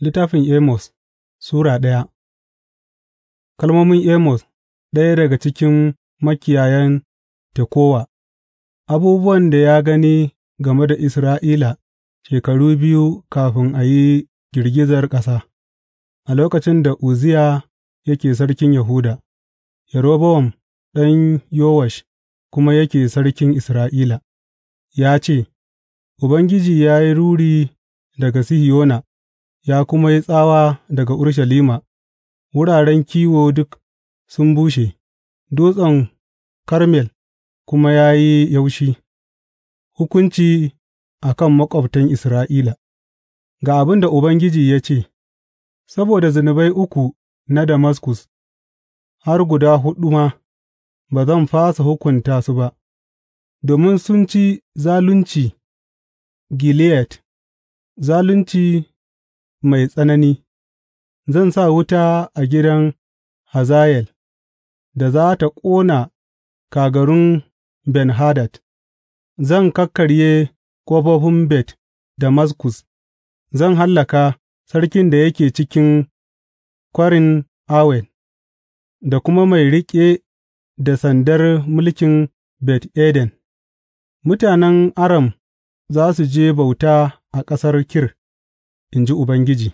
Littafin Amos Sura ɗaya Kalmomin Amos, ɗaya daga cikin makiyayan Tekowa, abubuwan da ya gani game da Isra'ila shekaru biyu kafin a yi girgizar ƙasa, a lokacin da Uziya yake sarkin Yahuda, Yerobowam ɗan Yowash kuma yake sarkin Isra'ila, ya ce, Ubangiji ya yi ruri daga Sihiyona. ya kuma yi tsawa daga Urushalima, wuraren kiwo duk sun bushe, Dutsen Karmel kuma ya yi yaushi, hukunci a kan maƙwabtan Isra'ila Ga abin da Ubangiji ya ce, Saboda zunubai uku na Damaskus, har guda huɗu ma, ba zan fasa hukunta su ba, domin sun ci zalunci Gilead, zalunci mai tsanani, zan sa wuta a gidan Hazayel da za ta ƙona kagarun Ben Hadad, zan kakkarye ƙofofin Bet Damaskus, zan hallaka sarkin da yake cikin kwarin Awen, da kuma mai riƙe da sandar mulkin Bet Eden, mutanen Aram za su je bauta a ƙasar Kir. in ji Ubangiji,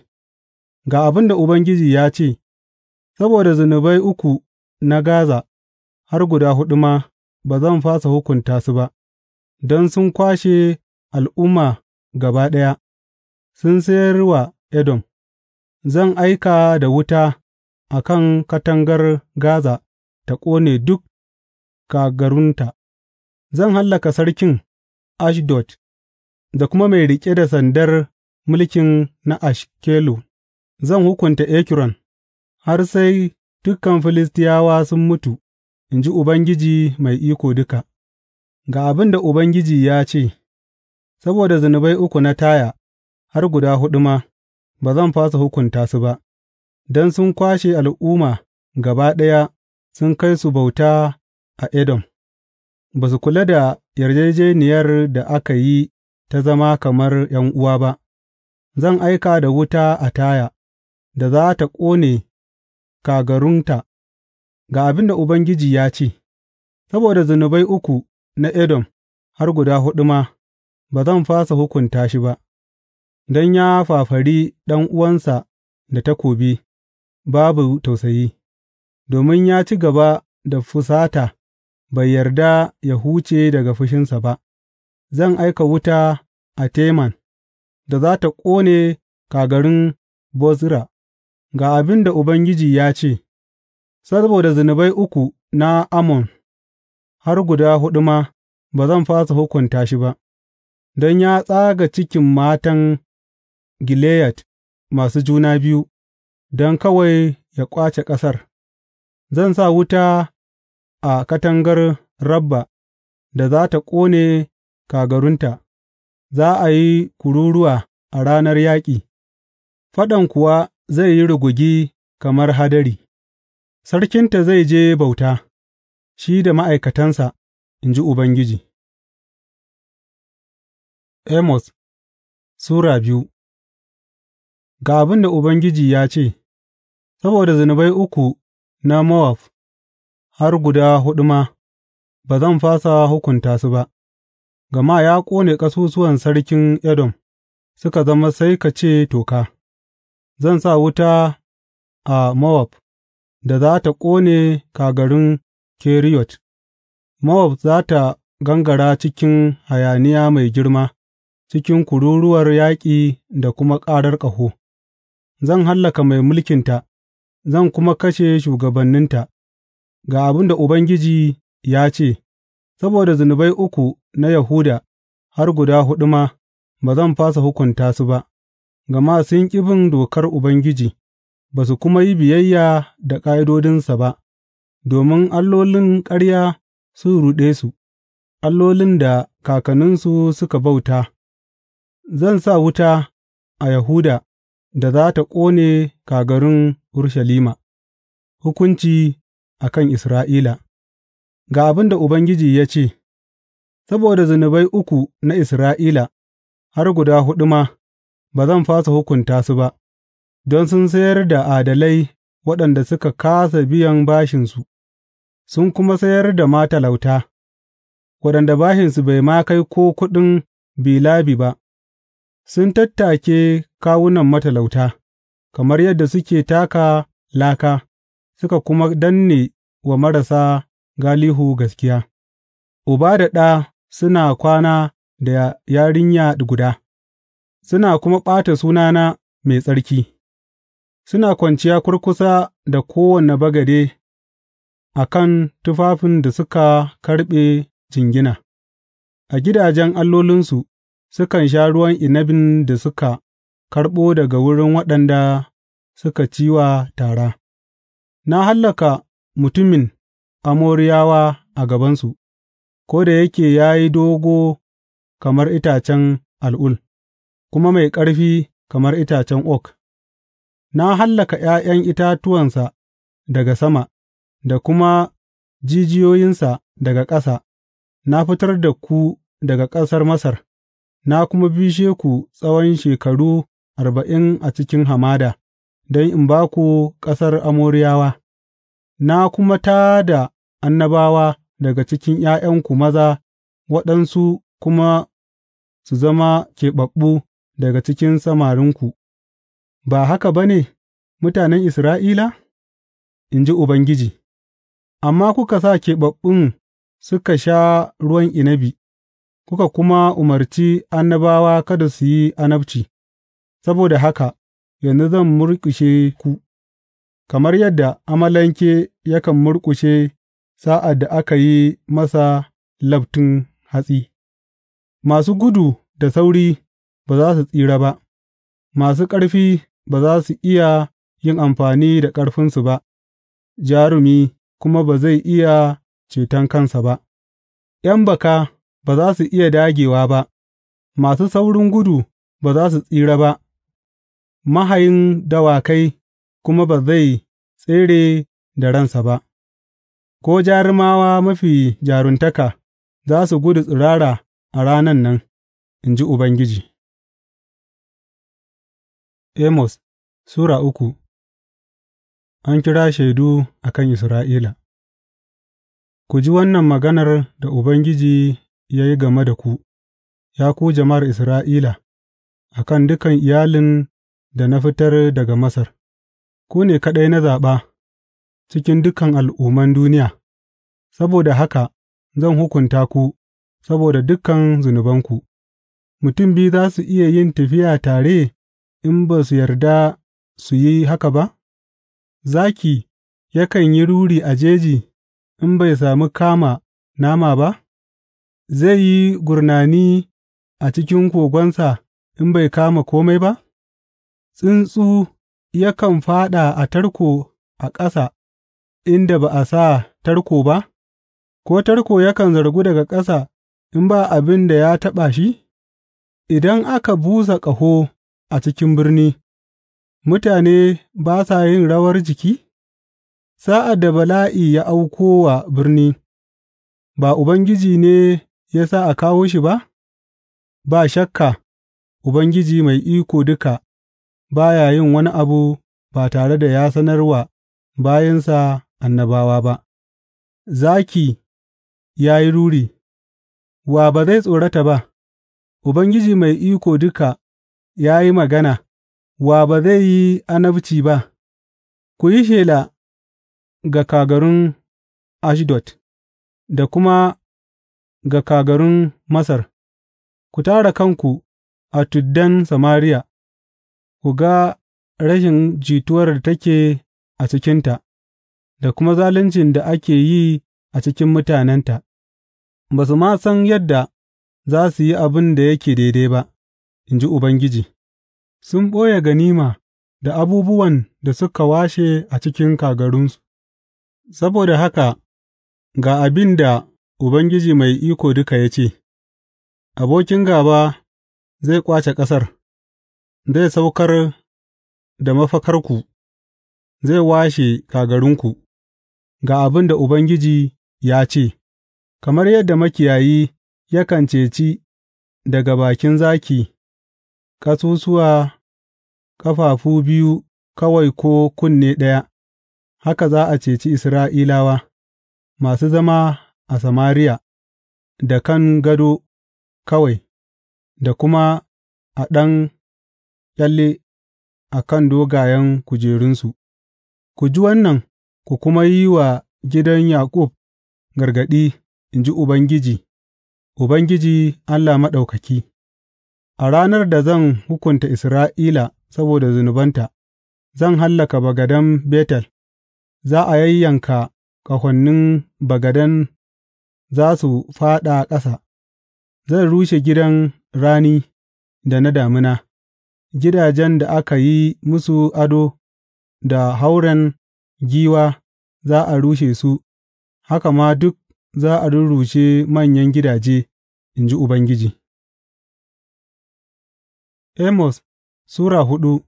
ga abin da Ubangiji ya ce, Saboda zunubai uku na Gaza, har guda huɗu ma, ba zan fasa hukunta su ba, don sun kwashe al'umma gaba ɗaya, sun sayar wa Edom, zan aika da wuta a kan katangar Gaza ta ƙone duk kagarunta, zan hallaka sarkin Ashdod da kuma mai riƙe da sandar mulkin na Ashkelu, zan hukunta Ekron, har sai dukan Filistiyawa sun mutu, in ji Ubangiji Mai Iko Duka. Ga abin da Ubangiji ya ce, Saboda zunubai uku na Taya, har guda huɗu ma, ba zan fasa hukunta su ba, don sun kwashe al'umma gaba ɗaya sun kai su bauta a Edom, ba su kula da yarjejeniyar da aka yi ta zama kamar 'yan uwa ba. Zan aika da wuta a Taya da za ta ƙone kagarunta, ga abin da Ubangiji ya ce, Saboda zunubai uku na Edom, har guda huɗu ma, ba zan fasa hukunta shi ba, don ya fafari uwansa da takobi, babu tausayi, domin ya ci gaba da fusata bai yarda ya huce daga fushinsa ba, zan aika wuta a Teman. da za tă ƙone kagarin Bozra Ga abin da Ubangiji ya ce, Saboda zunubai uku na Amon har guda huɗu ma, ba zan fasa hukunta shi ba, don ya tsaga cikin matan Gileyat masu juna biyu, don kawai ya ƙwace ƙasar, zan sa wuta a katangar Rabba da za ta ƙone kagarunta. Za a yi kururuwa a ranar yaƙi, faɗan kuwa zai yi rugugi kamar hadari; sarkinta zai je bauta, shi da ma'aikatansa, in ji Ubangiji. Amos Sura biyu Ga abin da Ubangiji ya ce, Saboda zunubai uku na Mowab, har guda huɗu ma, ba zan fasa hukunta su ba. gama ya ƙone ƙasusuwan sarkin Edom suka zama sai ka ce toka, zan sa wuta a Mowab da za ta ƙone kagarin Keriyot, Mowab za ta gangara cikin hayaniya mai girma, cikin kururuwar yaƙi da kuma ƙarar ƙaho, zan hallaka mai mulkinta, zan kuma kashe shugabanninta, ga abin da Ubangiji ya ce. Saboda zunubai uku na Yahuda, har guda huɗu ma, ba zan fasa hukunta su ba, gama sun ƙi bin dokar Ubangiji ba su kuma yi biyayya da ƙa'idodinsa ba, domin allolin ƙarya sun ruɗe su, allolin da kakanninsu suka bauta, zan sa wuta a Yahuda da za ta ƙone kagarin Urushalima, hukunci a kan Isra'ila. Ga abin da Ubangiji ya ce, Saboda zunubai uku na Isra'ila, har guda huɗu ma, ba zan fasa hukunta su ba, don sun sayar da adalai waɗanda suka kāsa biyan bashinsu, sun kuma sayar da matalauta, waɗanda bashinsu bai ma kai ko kuɗin bilabi ba, sun tattake kawunan matalauta, kamar yadda suke taka laka suka kuma danne wa marasa galihu gaskiya Uba da ɗa suna kwana da yarinya guda, suna kuma ɓata sunana mai tsarki; suna kwanciya kurkusa da kowane bagade a kan tufafin da suka karɓe jingina; a gidajen allolinsu sukan sha ruwan inabin da suka karɓo daga wurin waɗanda suka ciwa tara, na hallaka mutumin. Amoriyawa a gabansu, ko da yake ya yi dogo kamar itacen al'ul kuma mai ƙarfi kamar itacen oak, na hallaka ’ya'yan itatuwansa daga sama da kuma jijiyoyinsa daga ƙasa; na fitar da ku daga ƙasar Masar na kuma bishe ku tsawon shekaru arba'in a cikin hamada don in ba ku ƙasar Amoriyawa, na kuma tā da annabawa daga cikin ’ya'yanku maza waɗansu kuma su zama keɓaɓɓu daga cikin samarinku, ba haka ba ne, mutanen Isra'ila? in ji Ubangiji, amma kuka sa keɓaɓɓun suka sha ruwan inabi, kuka kuma umarci annabawa kada su yi annabci, saboda haka yanzu zan murƙushe ku, kamar yadda amalanke yakan murƙushe sa'ad da aka yi masa labtun hatsi; masu gudu da sauri ba za su tsira ba, masu ƙarfi ba za su iya yin amfani da ƙarfinsu ba, jarumi kuma ba zai iya ceton kansa ba; ’yan baka ba za su iya dagewa ba, masu saurin gudu ba za su tsira ba, mahayin dawakai kuma ba zai tsere da ransa ba. ko jarumawa mafi jaruntaka za su gudu tsirara a ranan nan, in ji Ubangiji. Amos Sura uku An kira shaidu a kan Isra'ila Ku ji wannan maganar da Ubangiji ya yi game da ku, ya ku jama'ar Isra'ila, a kan dukan iyalin da na fitar daga Masar, ku ne kaɗai na zaɓa. cikin dukan al'umman duniya, saboda haka zan hukunta ku saboda dukan zunubanku, mutum biyu za su iya yin tafiya tare in ba su yarda su yi haka ba? Zaki yakan yi ruri a jeji in bai sami kama nama ba? Zai yi gurnani a cikin kogonsa in bai kama komai ba? Tsuntsu yakan faɗa a tarko a ƙasa inda ba a sa tarko ba, ko tarko yakan zargu daga ƙasa in ba abin da ya taɓa shi? Idan aka busa ƙaho a cikin birni, mutane ba sa yin rawar jiki? Sa'ad da bala'i ya auko wa birni, ba Ubangiji ne ya sa a kawo shi ba? Ba shakka, Ubangiji mai iko duka ba ya yin wani abu ba tare da ya sanar wa bayinsa annabawa ba, zaki ya yi ruri, wa ba zai tsorata ba, Ubangiji mai iko duka ya yi magana, wa ba zai yi anabci ba, ku yi shela ga kagarun Ashdod da kuma ga kagarun Masar, ku tara kanku a tuddan Samariya, ku ga rashin jituwar da take a cikinta. da kuma zaluncin da ake yi a cikin mutanenta, ba su ma san yadda za su yi abin da yake daidai ba, in ji Ubangiji, sun ɓoye ganima da abubuwan da suka washe a cikin kagarunsu, saboda haka ga abin da Ubangiji Mai Iko Duka ya ce, Abokin gaba zai ƙwace ƙasar, zai saukar da mafakarku, zai washe kagarunku. Ga abin da Ubangiji ya ce, Kamar yadda makiyayi yakan ceci daga bakin zaki ƙasusuwa ƙafafu biyu kawai ko kunne ɗaya, haka za a ceci Isra'ilawa, masu zama a Samariya, da kan gado kawai, da kuma a ɗan ƙyalle a kan dogayen kujerunsu, ku ji wannan, ku kuma yi wa gidan Yaƙub gargaɗi, in ji Ubangiji, Ubangiji Allah Maɗaukaki, a ranar da zan hukunta Isra'ila saboda zunubanta, zan hallaka bagadan Betel, za a yayyanka ƙahonin bagadan za su fāɗa ƙasa, zan rushe gidan rani da na damina, gidajen da aka yi musu ado da hauren giwa za a rushe su, haka ma duk za a rurrushe manyan gidaje, in ji Ubangiji. Amos Sura hudu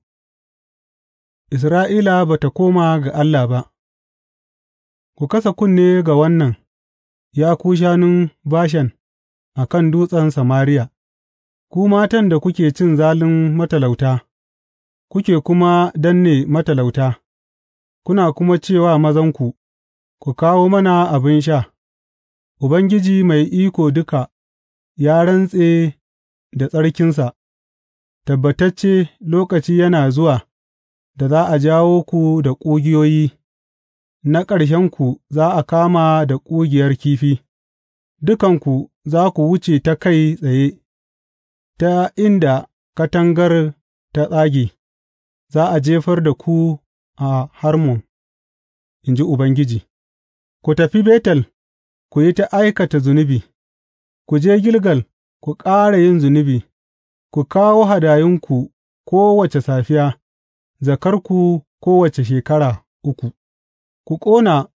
Isra'ila ba ta koma ga Allah ba Ku kasa kunne ga wannan, ya ku shanun Bashan a kan dutsen Samariya, ku matan da kuke cin zalin matalauta, kuke kuma danne matalauta. kuna kuma ce wa mazanku, Ku kawo mana abin sha, Ubangiji Mai Iko Duka ya rantse da tsarkinsa, tabbatacce lokaci yana zuwa da za a jawo ku da ƙugiyoyi, na ƙarshenku za a kama da ƙugiyar kifi, dukanku za ku wuce ta kai tsaye, ta inda katangar ta tsage, za a jefar da ku a Harmon, in ji Ubangiji, ku tafi Betel ku yi ta aikata zunubi, ku je Gilgal ku ƙara yin zunubi, ku kawo hadayunku kowace safiya, zakarku kowace shekara uku, ku ƙona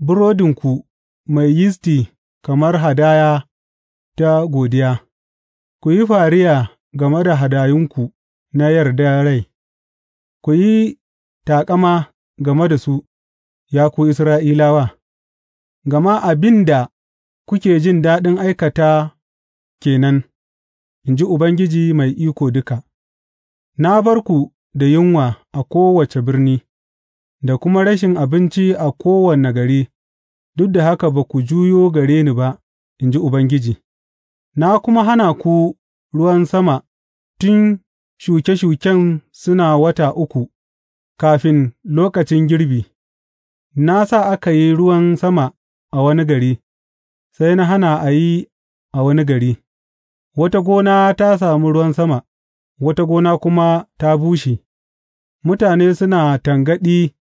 burodinku mai yisti kamar hadaya ta godiya, ku yi fariya game da hadayunku na yarda rai, ku yi taƙama game da su, ya ku Isra'ilawa, gama abin da kuke jin daɗin aikata ke nan, in ji Ubangiji Mai Iko Duka, na bar ku da yunwa a kowace birni, da kuma rashin abinci a kowane gari, duk da haka ba ku juyo gare ni ba, in ji Ubangiji, na kuma hana ku ruwan sama tun shuke-shuken suna wata uku. kafin lokacin girbi, na sa aka yi ruwan sama a wani gari, sai na hana a yi a wani gari, wata gona ta sami ruwan sama, wata gona kuma ta bushe, mutane suna tangaɗi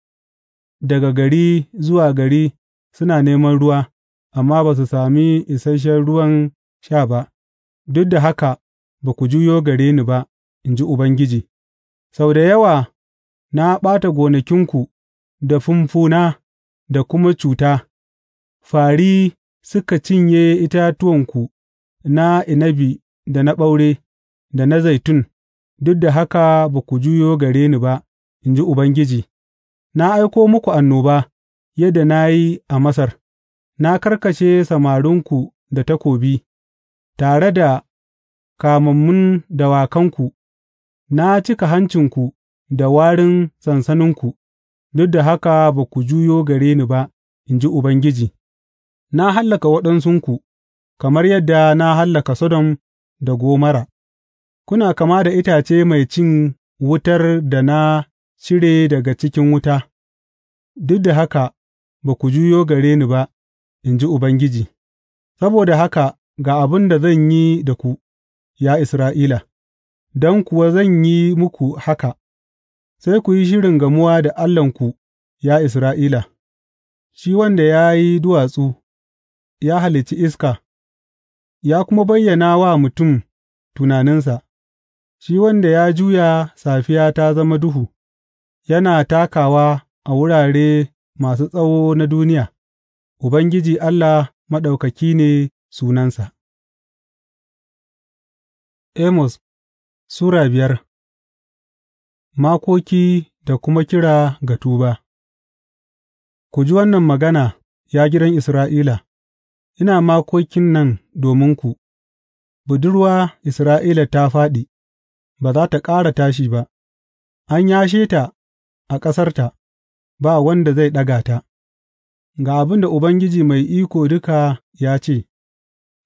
daga gari zuwa gari suna neman ruwa, amma ba su sami isasshen ruwan sha ba, duk da haka ba ku juyo gare ni ba, in ji Ubangiji, sau da yawa. na ɓata gonakinku da fumfuna da kuma cuta, fari. suka cinye itatuwanku na inabi da na ɓaure, da na zaitun, duk da haka ba ku juyo gare ni ba, in ji Ubangiji, na aiko muku annoba, yadda na yi a Masar, na karkashe samarinku da takobi, tare da kamammun dawakanku, na cika hancinku da warin sansaninku, duk da haka ba ku juyo gare ni ba, in ji Ubangiji, na hallaka waɗansunku, kamar yadda na hallaka Sodom da Gomara. kuna kama da itace mai cin wutar da na cire daga cikin wuta, duk da haka ba ku juyo gare ni ba, in ji Ubangiji, saboda haka ga abin da zan yi da ku, ya Isra'ila, don kuwa zan yi muku haka. Sai ku yi shirin gamuwa da Allahnku, ya Isra'ila, shi wanda ya yi duwatsu, ya halicci iska, ya kuma bayyana wa mutum tunaninsa, shi wanda ya juya safiya ta zama duhu, yana takawa a wurare masu tsawo na duniya, Ubangiji Allah Maɗaukaki ne sunansa. Amos Sura biyar makoki da kuma kira ga tuba Ku ji wannan magana, ya gidan Isra'ila, ina makokin nan dominku, budurwa Isra'ila ta fāɗi, ba za ta ƙara tashi ba, an yashe ta a ƙasarta, ba wanda zai ɗaga ta. Ga abin da Ubangiji Mai Iko Duka ya ce,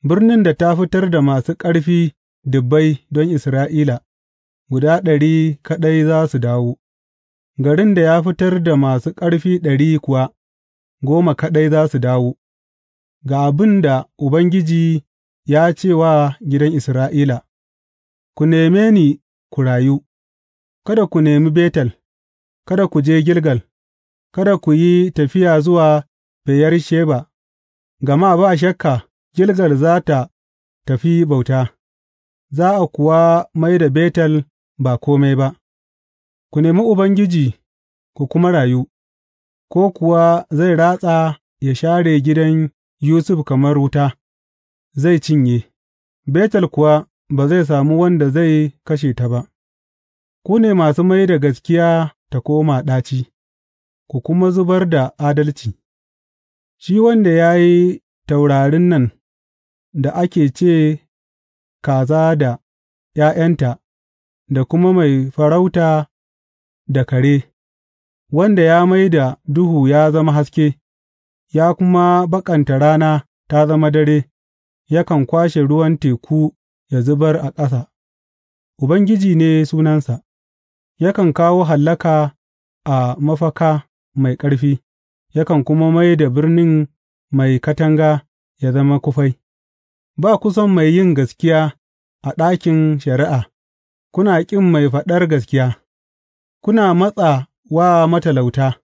Birnin da ta fitar da masu ƙarfi dubbai don Isra'ila. guda ɗari kaɗai za su dawo, garin da ya fitar da masu ƙarfi ɗari kuwa goma kaɗai za su dawo, ga abin da Ubangiji ya ce wa gidan Isra'ila, Ku neme ni ku rayu, kada ku nemi Betel, kada ku je Gilgal, kada ku yi tafiya zuwa Beyersheba, gama ba shakka Gilgal za ta tafi bauta, za a kuwa mai da Betel. ba kome ba, ku nemi Ubangiji ku kuma rayu, ko kuwa zai ratsa ya share gidan Yusuf kamar wuta, zai cinye, Betel kuwa ba zai sami wanda zai kashe ta ba, ku ne masu mai da gaskiya ta koma ɗaci, ku kuma zubar da adalci, shi wanda ya yi taurarin nan da ake ce kaza da ’ya'yanta. da kuma mai farauta da kare, wanda ya mai da duhu ya zama haske, ya kuma baƙanta rana ta zama dare, yakan kwashe ruwan teku ya zubar a ƙasa, Ubangiji ne sunansa, yakan kawo hallaka a mafaka mai ƙarfi, yakan kuma mai da birnin mai katanga ya zama kufai. Ba kusan mai yin gaskiya a ɗakin shari'a. kuna ƙin mai faɗar gaskiya, kuna matsa wa matalauta,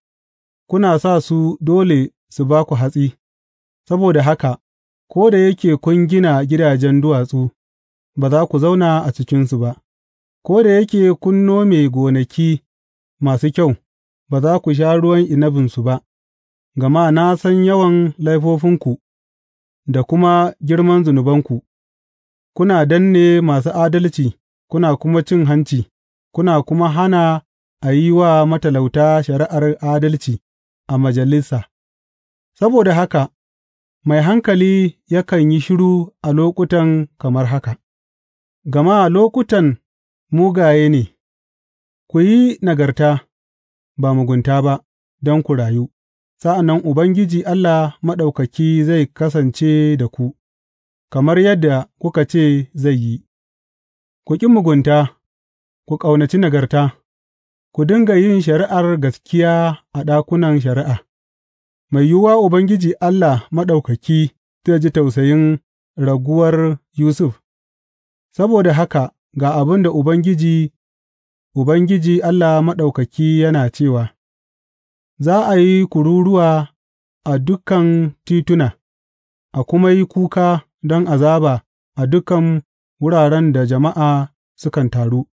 kuna sa su dole su ba ku hatsi, saboda haka, ko da yake kun gina gidajen duwatsu, ba za ku zauna a cikinsu ba, ko da yake kun nome gonaki masu kyau, ba za ku sha ruwan inabinsu ba, gama na san yawan laifofinku da kuma girman zunubanku, kuna danne masu adalci. kuna kuma cin hanci, kuna kuma hana a yi wa matalauta shari'ar adalci a majalisa, saboda haka mai hankali yakan yi shiru a lokutan kamar haka, gama lokutan mugaye ne, ku yi nagarta, ba mugunta ba, don ku rayu, sa'an nan Ubangiji Allah Maɗaukaki zai kasance da ku, kamar yadda kuka ce zai yi. Ku ƙi mugunta, ku ƙaunaci nagarta, ku dinga yin shari'ar gaskiya a ɗakunan shari'a, mai yiwuwa Ubangiji Allah Maɗaukaki zai ji tausayin raguwar Yusuf, saboda haka ga abin da Ubangiji, Ubangiji Allah Maɗaukaki yana cewa, Za a yi kururuwa a dukan tituna, a kuma yi kuka don azaba a dukan wuraren da jama'a sukan taru;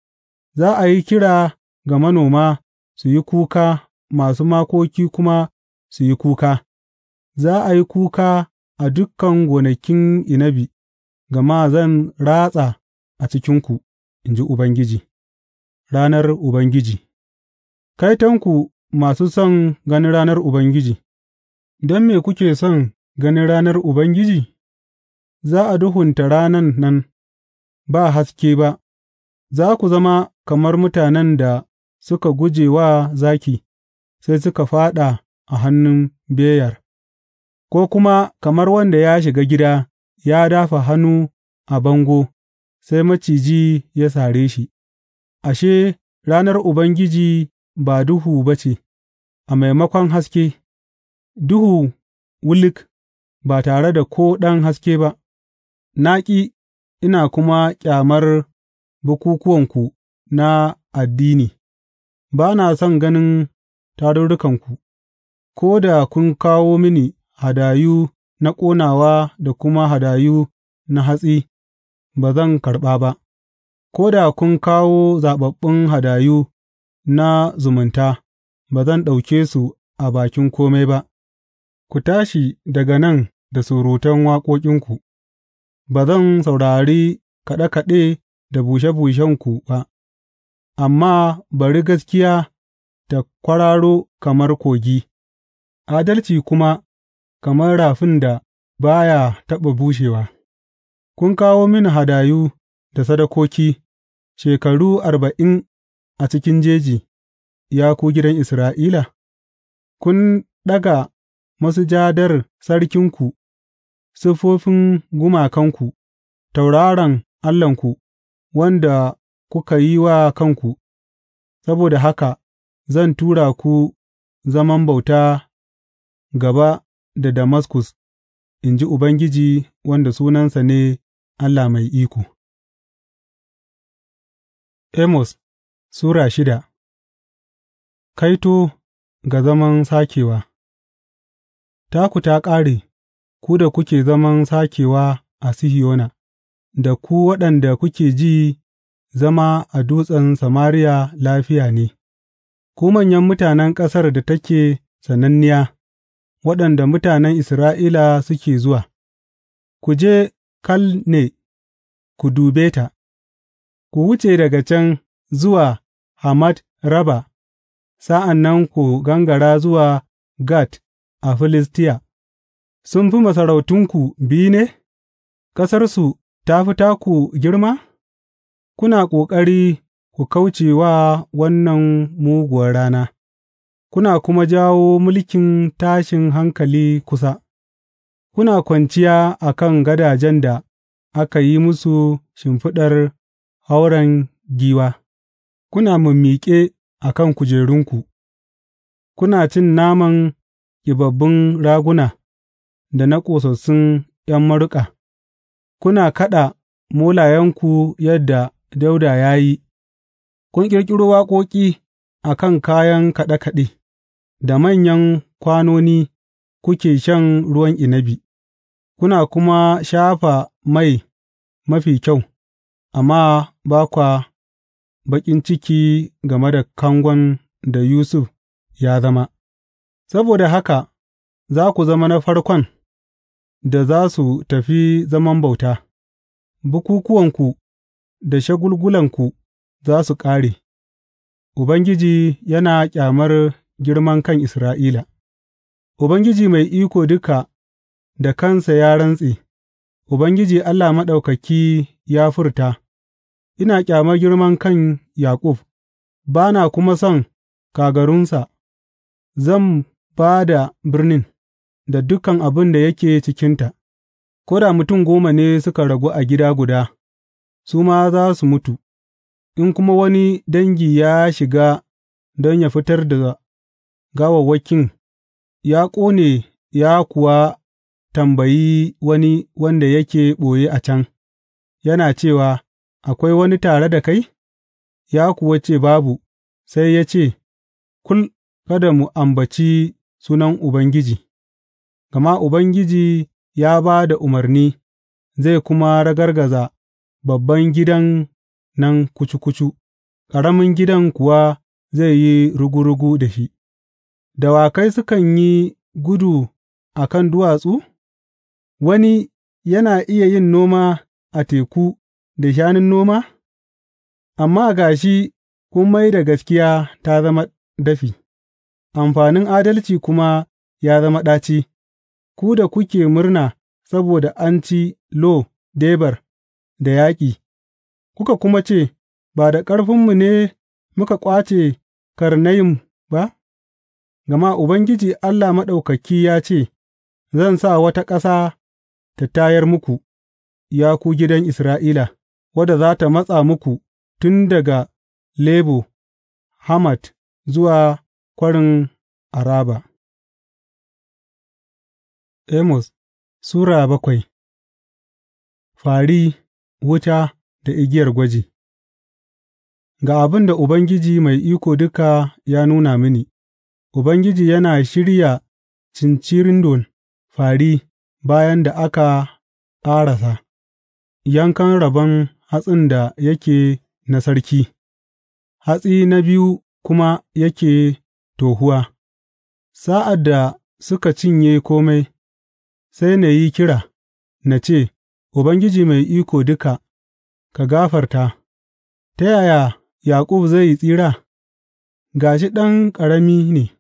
za a yi kira ga manoma su yi kuka masu makoki kuma su yi kuka; za a yi kuka a dukan gonakin inabi, gama zan ratsa a cikinku, in ji Ubangiji, ranar Ubangiji, Kaitonku masu son ganin ranar Ubangiji Don me kuke son ganin ranar Ubangiji? Za a duhunta ranan nan. ba haske ba, za ku zama kamar mutanen da suka guje wa zaki, sai suka fāɗa a hannun beyar, ko kuma kamar wanda ya shiga gida ya dafa hannu a bango, sai maciji ya sare shi, ashe, ranar Ubangiji ba duhu ba ce, a maimakon haske, duhu wulik ba tare da ko ɗan haske ba, naƙi ina kuma ƙyamar bukukuwanku na addini; ba na son ganin tarurrukanku, ko da kun kawo mini hadayu na ƙonawa da kuma hadayu na hatsi, ba zan karɓa ba, ko da kun kawo zaɓaɓɓun hadayu na zumunta, ba zan ɗauke su a bakin kome ba; ku tashi daga nan da surutan waƙoƙinku. ba zan saurari kaɗe kaɗe da bushe bushenku ba, amma bari gaskiya ta kwararo kamar kogi, adalci kuma kamar rafin da ba ya taɓa bushewa; kun kawo mini hadayu da sadakoki shekaru arba'in a cikin jeji, ya ku gidan Isra'ila, kun ɗaga masujadar Sarkinku. siffofin gumakanku, tauraron allahnku, wanda kuka yi wa kanku, saboda haka zan tura ku zaman bauta gaba da Damaskus, in ji Ubangiji wanda sunansa ne Allah Mai Iko. Amos Sura shida Kaito ga zaman sakewa Taku ta ƙare. ku da kuke zaman sakewa a Sihiyona, da ku waɗanda kuke ji zama a dutsen Samariya lafiya ne, ku manyan mutanen ƙasar da take sananniya, waɗanda mutanen Isra'ila suke zuwa, ku je Kalne ku dube ta, ku wuce daga can zuwa Hamad Raba, sa'an nan ku gangara zuwa Gat a Filistiya. sun fi masarautunku biyu ne, ƙasarsu ta fi taku girma? Kuna ƙoƙari ku kauce wa wannan muguwar rana, kuna kuma jawo mulkin tashin hankali kusa, kuna kwanciya a kan gadajen da aka yi musu shimfiɗar hauren giwa, kuna mummike a kan kujerunku, kuna cin naman ƙibabbun raguna. da na ƙosassun ’yan maruƙa, kuna kaɗa molayenku yadda Dauda ya yi, kun ƙirƙiro waƙoƙi a kan kayan kaɗe kaɗe, da manyan kwanoni kuke shan ruwan inabi, kuna kuma shafa mai mafi kyau, amma ba kwa baƙin ciki game da kangon da Yusuf ya zama, saboda haka za ku zama na farkon. da za su tafi zaman bauta, Bukukuwanku da shagulgulanku za su ƙare, Ubangiji yana ƙyamar girman kan Isra'ila Ubangiji Mai Iko Duka da kansa ya rantse, Ubangiji Allah Maɗaukaki ya furta, Ina ƙyamar girman kan Yaƙub, ba na kuma son kagarunsa, zan ba da birnin. da dukan abin da yake cikinta, ko da mutum goma ne suka ragu a gida guda, su ma za su mutu, in kuma wani dangi ya shiga don ya fitar da gawawwakin, ya ƙone ya kuwa tambayi wani wanda yake ɓoye a can, yana cewa, Akwai wani tare da kai? Ya kuwa ce babu, sai ya ce, Kul, kada mu ambaci sunan Ubangiji. Gama Ubangiji ya ba da umarni zai kuma ragargaza babban gidan nan kucu kucu, ƙaramin gidan kuwa zai yi rugu rugu da shi; dawakai sukan yi gudu a kan duwatsu, wani yana iya yin noma a teku da shanun noma, amma ga shi kun mai da gaskiya ta zama dafi, amfanin adalci kuma ya zama ɗaci. ku da kuke murna saboda an ci Lo Debar da yaƙi, kuka kuma ce, Ba da ƙarfinmu ne muka ƙwace Karnayim ba, gama Ubangiji Allah Maɗaukaki ya ce, Zan sa wata ƙasa ta tayar muku, ya ku gidan Isra'ila, wadda za ta matsa muku tun daga Lebo Hamat zuwa kwarin Araba. Amos Sura bakwai Fari, wuta da igiyar gwaji Ga abin da Ubangiji Mai Iko Duka ya nuna mini, Ubangiji yana shirya cincirindon fari bayan da aka ƙarasa yankan rabon hatsin da yake na sarki, hatsi na biyu kuma yake tohuwa, sa'ad da suka cinye komai sai na yi kira, na ce, Ubangiji Mai Iko Duka, ka gafarta, ta yaya Yaƙub zai yi tsira? Ga shi ɗan ƙarami ne,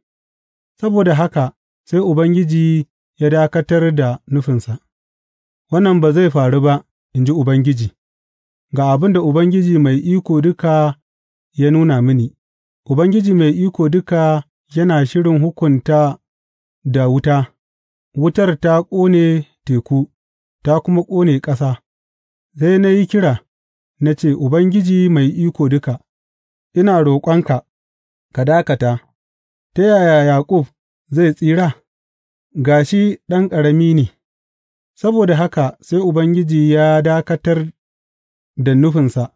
saboda haka sai Ubangiji ya dakatar da nufinsa, Wannan ba zai faru ba, in ji Ubangiji, ga abin da Ubangiji Mai Iko Duka ya nuna mini, Ubangiji Mai Iko Duka yana shirin hukunta da wuta. Wutar ta ƙone teku ta kuma ƙone ƙasa, sai na yi kira, na ce, Ubangiji Mai Iko Duka, ina roƙonka, ka dakata, ta yaya Yaƙub zai tsira, ga shi ɗan ƙarami ne, saboda haka sai Ubangiji ya dakatar da nufinsa,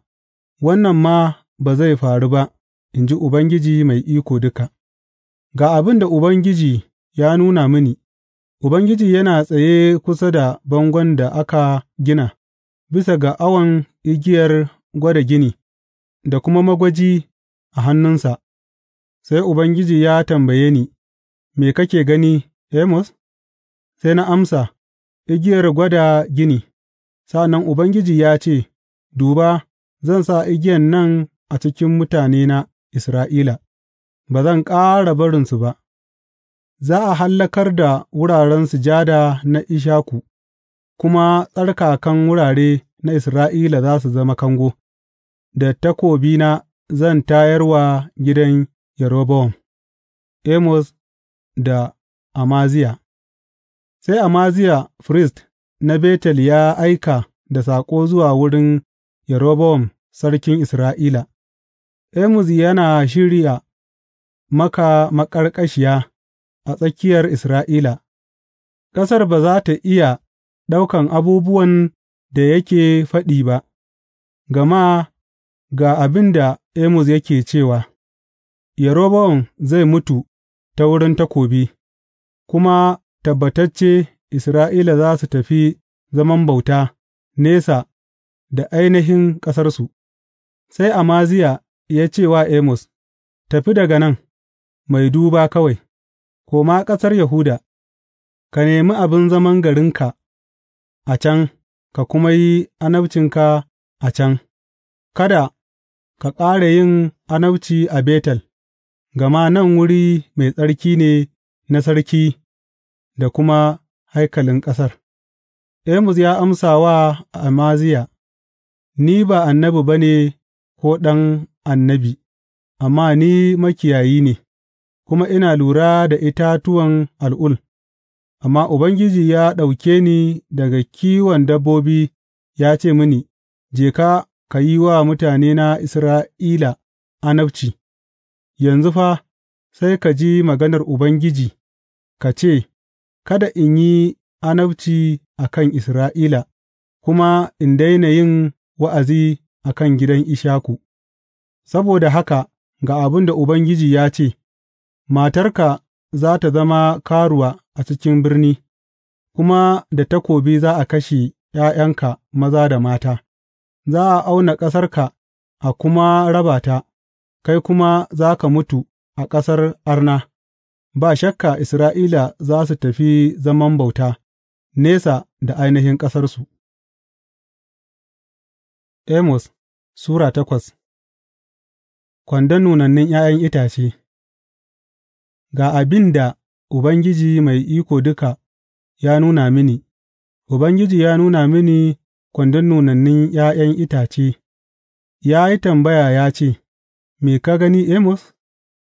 wannan ma ba zai faru ba, in ji Ubangiji Mai Iko Duka, ga abin da Ubangiji ya nuna mini. Ubangiji yana tsaye kusa da bangon da aka gina, bisa ga awon igiyar gwada gini, da kuma magwaji a hannunsa, sai Ubangiji ya tambaye ni, Me kake gani, Amos? Sai na amsa, Igiyar gwada gini, sa'an nan Ubangiji ya ce, Duba, zan sa igiyan nan a cikin mutanena Isra'ila, ba zan ƙara barinsu ba. Za a hallakar da wuraren sujada na Ishaku, kuma tsarkakan wurare na Isra'ila za su zama kango, da takobina zan tayar wa gidan Yerobowam, Amos da Amaziya Sai Amaziya firist na Betel ya aika da saƙo zuwa wurin Yerobowam sarkin Isra'ila, Amos yana shirya maka maƙarƙashiya. a tsakiyar Isra'ila, ƙasar ba za tă iya ɗaukan abubuwan da yake faɗi ba, gama ga abin da Amos yake cewa, Yerobowam zai mutu ta wurin takobi, kuma tabbatacce Isra'ila za su tafi zaman bauta nesa da ainihin ƙasarsu. Sai Amaziya ya ce wa Amos, Tafi daga nan, mai duba kawai. Koma ƙasar Yahuda, ka nemi abin zaman garinka a can ka kuma yi annabcinka a can; kada ka ƙara yin annabci a Betel, gama nan wuri mai tsarki ne na sarki da kuma haikalin ƙasar. Amos ya amsa wa Amaziya, Ni ba annabi ba ne ko ɗan annabi, amma ni makiyayi ne. kuma ina lura da itatuwan al'ul, amma Ubangiji ya ɗauke ni daga kiwon dabbobi ya ce mini, Je ka, ka yi wa mutanena Isra'ila annabci, yanzu fa sai ka ji maganar Ubangiji, ka ce, Kada in yi annabci a kan Isra'ila, kuma in daina yin wa'azi a kan gidan Ishaku, saboda haka ga abin da Ubangiji ya ce. Matarka za tă zama karuwa a cikin birni, kuma da takobi za a kashe ’ya'yanka maza da mata; za a auna ƙasarka a kuma raba ta, kai kuma za ka mutu a ƙasar arna, ba shakka Isra'ila za su tafi zaman bauta, nesa da ainihin ƙasarsu. Amos Sura takwas Kwandon nunannun ’ya'yan itace Ga abin da Ubangiji Mai Iko Duka ya nuna mini, Ubangiji ya nuna mini kwandon nunannin ’ya'yan itace, ya yi tambaya ya ce, Me ka gani, Amos?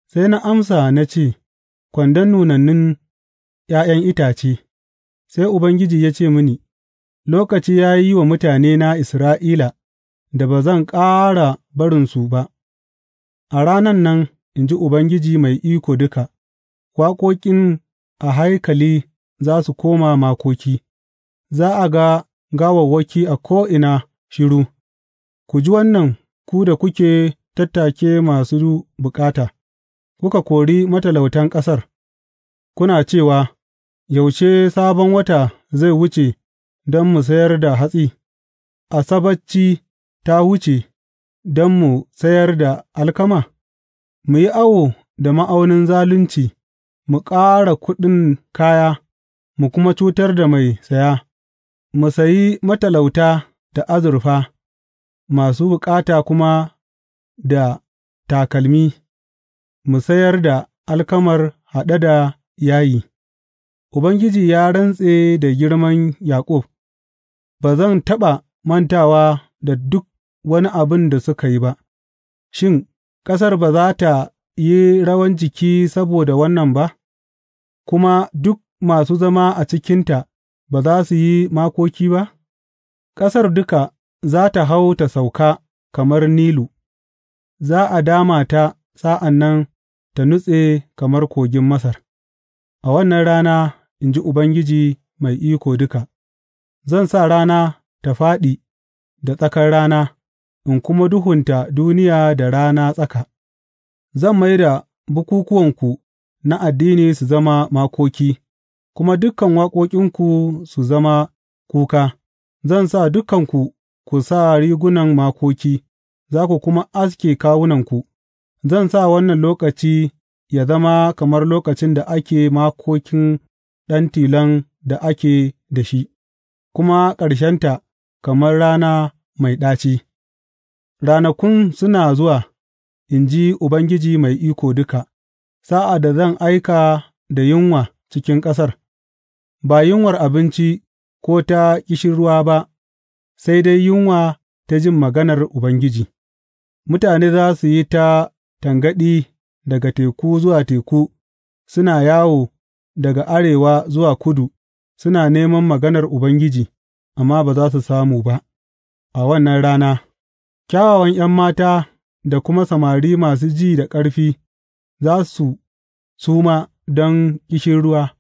Sai na amsa na ce, Kwandon nunannin ’ya'yan itace, sai Ubangiji ya ce mini, Lokaci ya yi wa mutane na Isra'ila da ba zan ƙara barinsu ba, a ranan nan, in ji Ubangiji Mai Iko Duka. Waƙoƙin a haikali za su koma makoki, za a ga gawawwaki a ko'ina shiru, ku ji wannan ku da kuke tattake masu bukata, kuka kori matalautan ƙasar, kuna cewa, Yaushe Sabon Wata zai wuce don mu sayar da hatsi, Asabbaci ta wuce don mu sayar da alkama, mu yi awo da ma'aunin zalunci. mu ƙara kuɗin kaya, mu kuma cutar da mai saya, mu sayi matalauta da azurfa, masu bukata kuma da takalmi, mu sayar da alkamar haɗe da yayi. Ubangiji ya rantse da girman Yaƙub, ba zan taɓa mantawa da duk wani abin da suka yi ba, shin, ƙasar ba za ta yi rawan jiki saboda wannan ba? kuma duk masu zama a cikinta ba za su yi makoki ba? Ƙasar duka za ta hau ta sauka kamar Nilu, za a dama ta sa'an nan ta nutse kamar kogin Masar. A wannan rana, in ji Ubangiji Mai Iko Duka, zan sa rana ta fāɗi da tsakar rana, in kuma duhunta duniya da rana tsaka, zan mai da bukukuwanku na addini su zama makoki, kuma dukan waƙoƙinku su zama kuka, zan sa dukanku ku sa rigunan makoki, za ku kuma aske kawunanku, zan sa wannan lokaci ya zama kamar lokacin da ake makokin ɗan tilan da ake da shi, kuma ƙarshenta kamar rana mai ɗaci. Ranakun suna zuwa, in ji Ubangiji Mai Iko Duka. sa'ad da zan aika da yunwa cikin ƙasar, ba yunwar abinci ko ta ƙishirwa ba, sai dai yunwa ta jin maganar Ubangiji, mutane za su yi ta tangaɗi daga teku zuwa teku, suna yawo daga arewa zuwa kudu, suna neman maganar Ubangiji, amma ba za su samu ba. A wannan rana, kyawawan ’yan mata da kuma samari masu ji da ƙarfi. za su suma don ƙishirwa,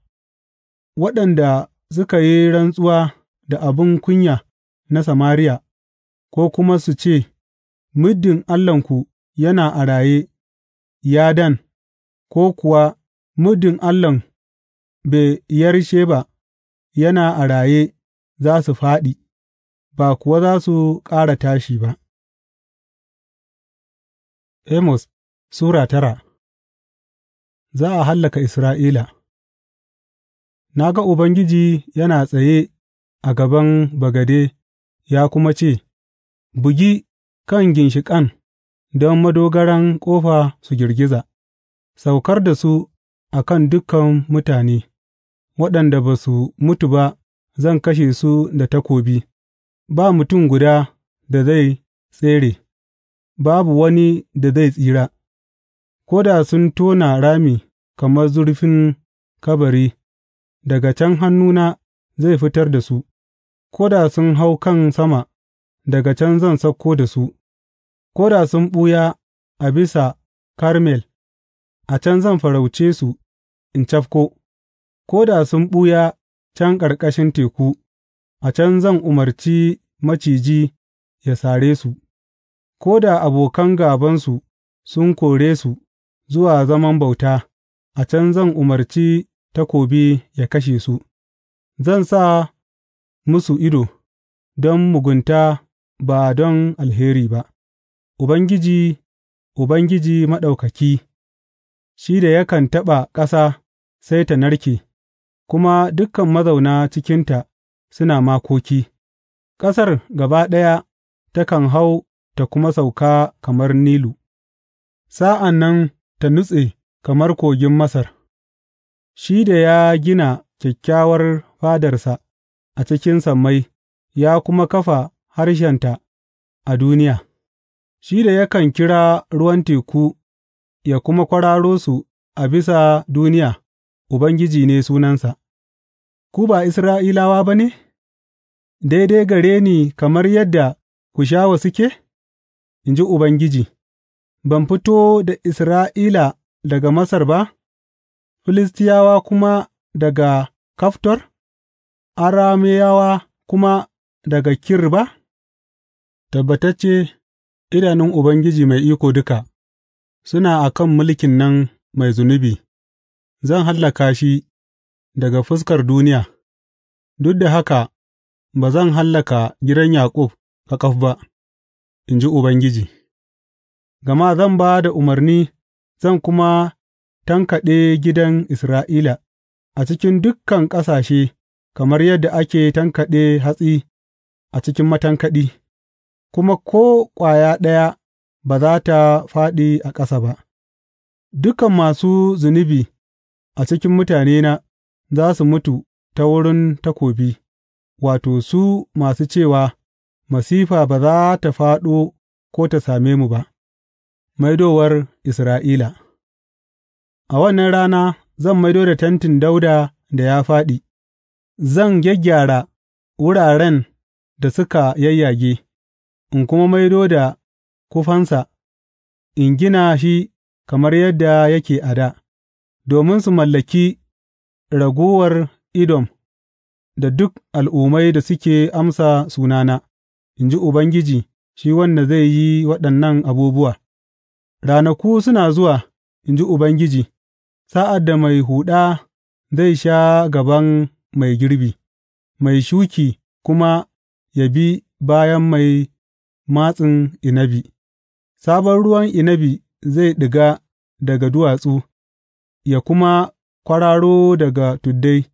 waɗanda suka yi rantsuwa da abin kunya na Samariya, ko kuma su ce, Muddin Allahnku yana a raye, ya Dan, ko kuwa, Muddin Allahn ba yana a raye, za su fāɗi, ba kuwa za su ƙara tashi ba. Amos Sura tara za a hallaka Isra'ila Na ga Ubangiji yana tsaye a gaban bagade ya kuma ce, Bugi kan ginshiƙan don madogaran ƙofa su girgiza, saukar da su a kan dukan mutane, waɗanda ba su mutu ba zan kashe su da takobi, ba mutum guda da zai tsere, babu wani da zai tsira, ko da sun tona rami kamar zurfin kabari, daga can hannuna zai fitar da su, ko da sun hau kan sama, daga can zan sauko da su, ko da sun ɓuya a bisa Karmel, a can zan farauce su in cafko, ko da sun ɓuya can ƙarƙashin teku, a can zan umarci maciji ya sare su, ko da abokan gabansu sun kore su zuwa zaman bauta. a can zan umarci takobi ya kashe su, zan sa musu ido don mugunta ba don alheri ba, Ubangiji, Ubangiji Maɗaukaki, shi da yakan taɓa ƙasa sai ta narke, kuma dukan mazauna cikinta suna makoki, ƙasar gaba ɗaya takan hau ta kuma sauka kamar Nilu, sa'an nan ta nutse. kamar kogin Masar, shi da ya gina kyakkyawar fadarsa a cikin sammai ya kuma kafa harshenta a duniya, shi da yakan kira ruwan teku ya kuma kwararo su a bisa duniya, Ubangiji ne sunansa. Ku ba Isra'ilawa ba ne? Daidai gare ni kamar yadda Kushawa suke? in ji Ubangiji, ban fito da Isra'ila daga Masar ba, Filistiyawa kuma daga Kaftor, Arameyawa kuma daga Kir ba? Tabbatacce idanun Ubangiji Mai Iko Duka suna a kan mulkin nan mai zunubi, zan hallaka shi daga fuskar duniya, duk da haka ba zan hallaka gidan Yaƙub ƙaf ba, in ji Ubangiji, gama zan ba da umarni. zan kuma tankaɗe gidan Isra'ila a cikin dukan ƙasashe kamar yadda ake tankaɗe hatsi a cikin matankaɗi, kuma ko ƙwaya ɗaya ba za tă fāɗi a ƙasa ba; dukan masu zunubi a cikin mutanena za su mutu ta wurin takobi, wato, su masu cewa, Masifa ba za ta fāɗo ko ta same mu ba.’ Maidowar Isra'ila A wannan rana zan maido da tentin dauda da ya fāɗi, zan gyaggyara wuraren da suka yayyage, in kuma maido da kufansa in gina shi kamar yadda yake a dā, domin su mallaki raguwar Edom da duk al'ummai da suke amsa sunana, in ji Ubangiji, shi wanda zai yi waɗannan abubuwa. Ranaku suna zuwa, in ji Ubangiji, sa'ad da mai huɗa zai sha gaban mai girbi, mai shuki kuma ya bi bayan mai matsin inabi; sabon ruwan inabi zai ɗiga daga duwatsu Ya kuma kwararo daga tuddai;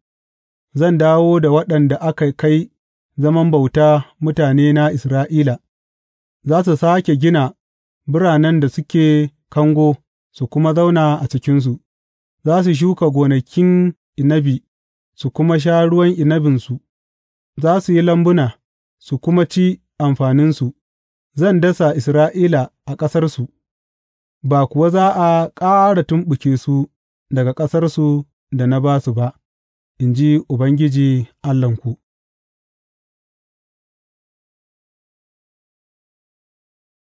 zan dawo da waɗanda aka kai zaman bauta mutanena Isra'ila, za su sake gina. biranen da suke kango su kuma zauna a cikinsu, za su shuka gonakin inabi su kuma sha ruwan inabinsu, za su yi lambuna su kuma ci amfaninsu, zan dasa Isra'ila a ƙasarsu, ba kuwa za a ƙara tumɓuke su daga ƙasarsu da na ba su ba, in ji Ubangiji Allahnku.